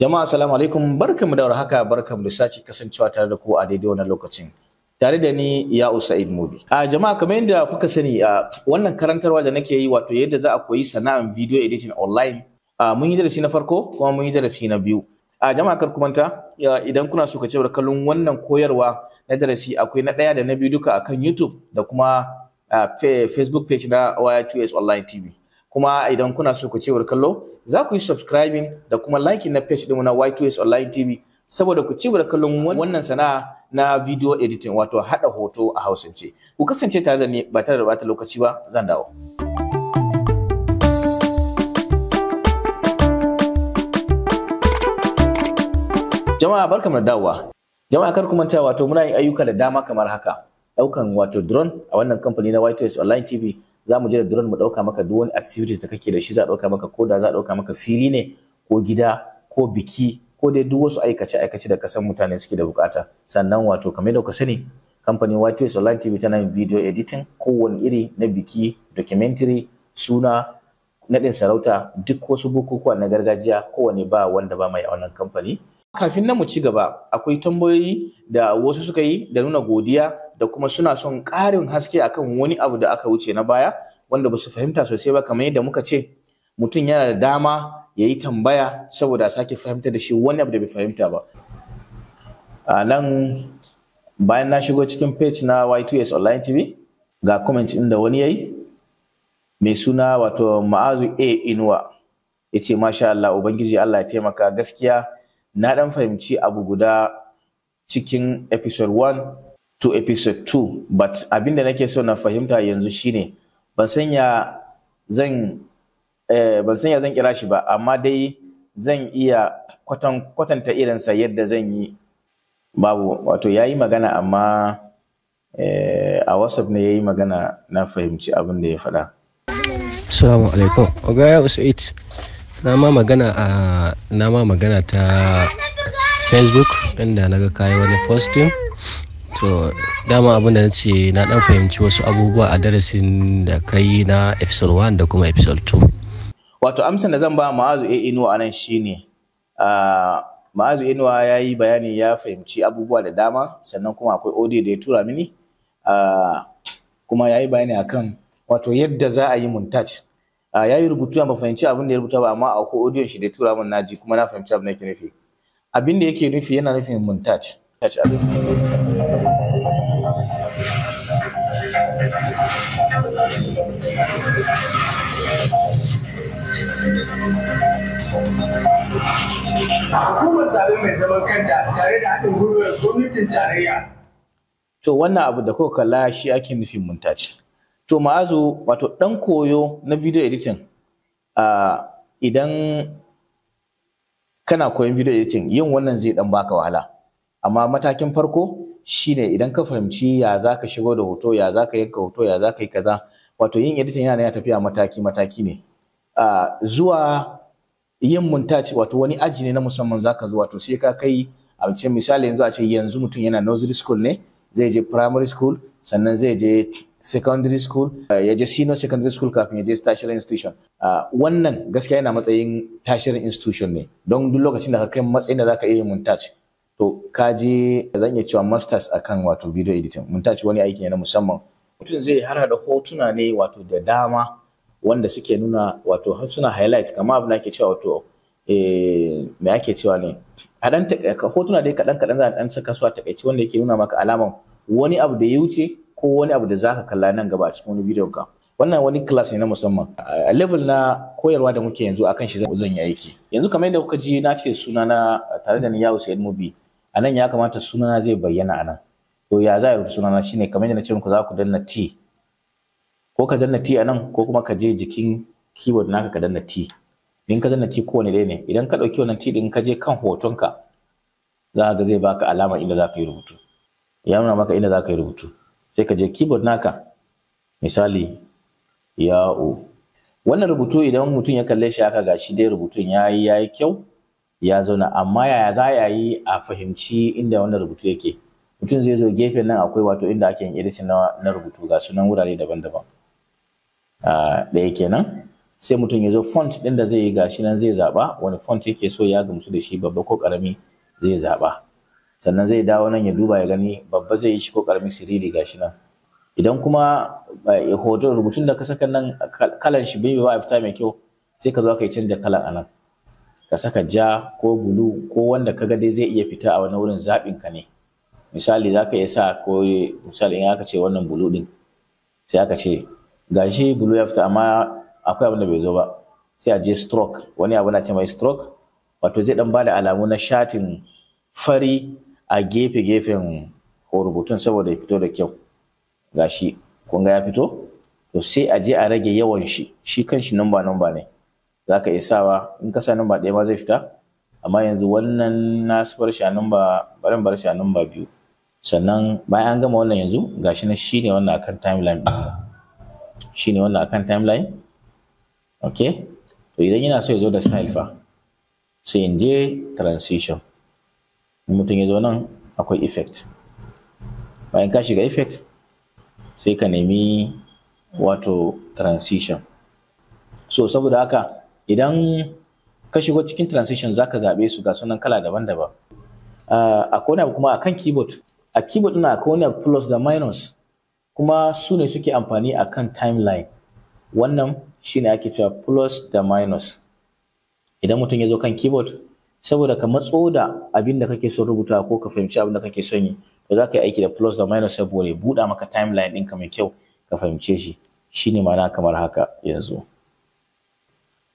Jama'a salamu alaikum barkamu da warhaka barkamu da sace kasancewa tare da ku a daidai wannan lokacin. Tare da ni ya Usaid Mubi. A jama'a kamar yadda kuka sani a wannan karantarwa da nake yi wato yadda za a koyi sana'an video editing online. A mun yi darasi na farko kuma mun yi darasi na biyu. A jama'a kar ku manta idan kuna so ka ce kallon wannan koyarwa na darasi akwai na ɗaya da na biyu duka akan YouTube da kuma Facebook page na 2S Online TV. kuma idan kuna so ku cewar kallo za ku yi subscribing da kuma liking na page ɗinmu na Y2S Online TV saboda ku cewar kallon wannan sana'a na video editing wato haɗa hoto a Hausance. Ku kasance tare da ni ba tare da bata lokaci ba zan dawo. Jama'a barkamu da dawowa. Jama'a kar ku manta wato muna yin ayyuka da dama kamar haka. Ɗaukan wato drone a wannan kamfani na Y2S Online TV za mu je da drone mu ɗauka maka duk wani activities da kake da shi za a ɗauka maka ko da za a ɗauka maka fili ne ko gida ko biki ko dai duk wasu aikace aikace da kasan mutane suke da bukata sannan wato kamar da ku sani kamfanin YTS Online TV tana yin video editing kowane iri na biki documentary suna naɗin sarauta duk wasu bukukuwa na gargajiya kowane ba wanda ba mai a wannan kamfani kafin nan mu ci gaba akwai tambayoyi da wasu suka yi da nuna godiya da kuma suna son ƙarin haske akan wani abu da aka wuce na baya wanda ba su fahimta sosai ba kamar yadda muka ce mutum yana da dama ya yi tambaya saboda a sake fahimta da shi wani abu da bai fahimta ba a nan bayan na shigo cikin page na y2s online tv ga comment ɗin da wani ya yi mai suna wato ma'azu a inuwa ya ce masha Allah ubangiji Allah ya taimaka gaskiya na dan fahimci abu guda cikin episode 1 to episode 2 but abinda nake so na fahimta yanzu shine Eh, ban sanya zan kira shi ba amma dai zan iya kwatan kwatanta irinsa yadda zan yi babu wato yayi magana amma eh, a whatsapp ne yayi magana na fahimci abin da ya faɗa assalamu alaikum ogaya usaid na ma magana a na ma magana ta facebook inda naga kayi wani posting to dama abin da na ce na dan fahimci wasu abubuwa a darasin da ka yi na episode 1 da kuma episode 2 wato amsan da zan ba ma'azu a inuwa nan shine ma'azu inuwa ya yi bayani ya fahimci abubuwa da dama sannan kuma akwai audio da ya tura mini kuma ya yi bayani akan wato yadda za a yi montage ya yi rubutu ba fahimci abin da ya rubuta ba amma akwai audio shi da ya tura min naji kuma na fahimci abin da yake nufi abin da yake nufi yana nufin montage Hukumar mai zaman kanta tare da haɗin gwiwar gwamnatin tarayya. To wannan abu da kuka kalla shi ake nufin muntaci. To ma'azu wato dan koyo na video editing idan kana koyon video editing yin wannan zai ɗan baka wahala. Amma matakin farko shine idan ka fahimci ya za ka shigo da hoto ya za yanka hoto ya za yi kaza. wato yin editing yana yana tafiya mataki mataki ne uh, zuwa yin montage wato wani aji ne na musamman zaka zo wato sai ka kai a cikin misali yanzu a ce yanzu mutum yana nursery school ne zai je primary school sannan zai je secondary school ya je senior secondary school kafin ya je tertiary institution uh, wannan gaskiya yana matsayin tertiary institution ne don duk lokacin da ka kai matsayin da zaka iya yin montage to ka je zan iya cewa masters akan wato video editing montage wani aiki ne na musamman mutum zai hana da hotuna ne wato da dama wanda suke nuna wato suna highlight kamar abin da ake cewa wato eh, me ake cewa ne hotuna dai kaɗan kaɗan za a ɗan saka su a takaice wanda yake nuna maka alaman wani abu da ya wuce ko wani abu da za ka kalla nan gaba a cikin wani bidiyon ka wannan wani class ne na musamman a level na koyarwa da muke yanzu akan shi zan yi aiki yanzu kamar yadda kuka ji na ce suna na tare da ni yawo sayyid mubi a nan ya kamata sunana zai bayyana a nan to ya za a rubuta sunana shine kamar yadda na ce muku za ku danna T ko ka danna T a nan ko kuma ka je jikin keyword naka ka danna T in ka danna T kowane ɗaya ne idan ka ɗauki wannan T ɗin ka je kan hotonka za ka ga zai baka alama inda za ka yi rubutu ya nuna maka inda za ka yi rubutu sai ka je keyboard naka misali ya-o. wannan rubutu idan mutum ya kalle shi haka gashi dai rubutun ya yi ya yi kyau ya zauna amma yaya za a yi a fahimci inda wannan rubutu yake mutum zai zo gefen nan akwai wato inda ake yin editing na, na rubutu ga sunan wurare daban-daban ah, ɗaya kenan sai mutum ya zo font ɗin da zai yi gashi nan zai zaɓa wani font yake so ya gamsu da shi babba ko ƙarami zai zaɓa sannan zai dawo nan ya duba ya gani babba zai yi shi ko ƙarami siriri gashi nan idan kuma eh, hoton rubutun da ka saka nan kalan shi bai ba fita mai kyau sai ka zo ka yi canja kalan anan ka saka ja ko bulu ko wanda ka ga dai zai iya fita a wani wurin zaɓin ka ne misali za ka iya sa ko misali in aka ce wannan bulu din sai aka ce ga shi bulu ya fita amma akwai abin da bai zo ba sai a je stroke wani abu na ce mai stroke wato zai dan bada alamu na shatin fari a gefe-gefen rubutun saboda ya fito da kyau gashi kun ga ya fito to sai a je a rage yawan shi shi kanshi numba numba ne za ka iya sawa in ka sa numba ɗaya ma zai fita amma yanzu wannan na bar shi a numba barin bar shi a numba biyu sannan bayan an gama wannan yanzu gashi na ne wannan akan timeline ne wannan akan timeline okay to idan yana so ya zo da style fa sai in je transition mutum ya zo nan akwai effect bayan ka shiga effect sai ka nemi wato transition so saboda haka idan ka shigo cikin transition zaka zaɓe su ga sunan kala daban-daban uh, akwai kuma akan keyboard a keyboard ina akwai wani plus da minus kuma su ne suke amfani a kan timeline wannan shine ake cewa plus da minus idan mutum ya zo kan keyboard saboda ka matso da abin da kake son rubuta ko ka fahimci abin da kake son yi to za ka yi aiki da plus da minus saboda ya buɗa maka timeline ɗinka mai kyau ka fahimce shi shine ma'ana kamar haka yanzu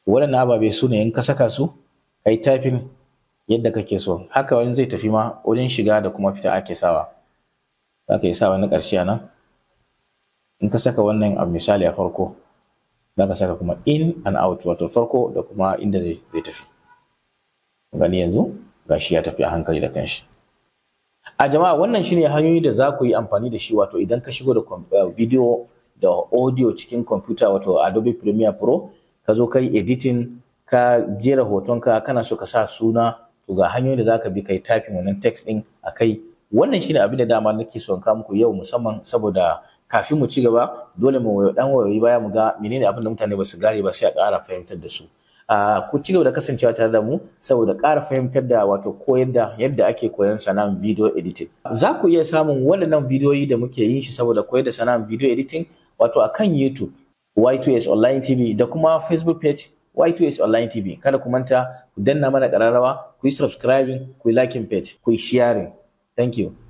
waɗannan ababe su ne in ka saka su kai tafin? yadda kake so haka wani zai tafi ma wajen shiga da kuma fita ake sawa za ka yi sawa na ƙarshe nan in ka saka wannan a misali a farko za ka saka kuma in and out wato farko da kuma inda zai tafi gani yanzu gashi ya tafi a hankali da kanshi a jama'a wannan shine hanyoyi da za ku yi amfani da shi wato idan ka shigo da eh, video da audio cikin computer wato Adobe Premiere Pro ka zo ka yi editing ka jera hotonka kana so ka sa suna to ga hanyoyin da zaka bi kai typing wannan text din akai wannan shine abin da dama nake so in ka muku yau musamman saboda kafin mu ci gaba dole mu dan wayoyi baya mu ga menene abin da mutane ba su gare ba sai a ƙara fahimtar da su a ku ci gaba da kasancewa tare da mu saboda ƙara fahimtar da wato koyar da yadda ake koyan sana'ar video editing za ku iya samun waɗannan bidiyoyi da muke yin shi saboda koyar da sana'ar video editing wato akan YouTube Y2S Online TV da kuma Facebook page Y2H Online TV kada ku manta ku danna mana ƙararrawa ku yi subscribing ku yi liking page ku yi sharing thank you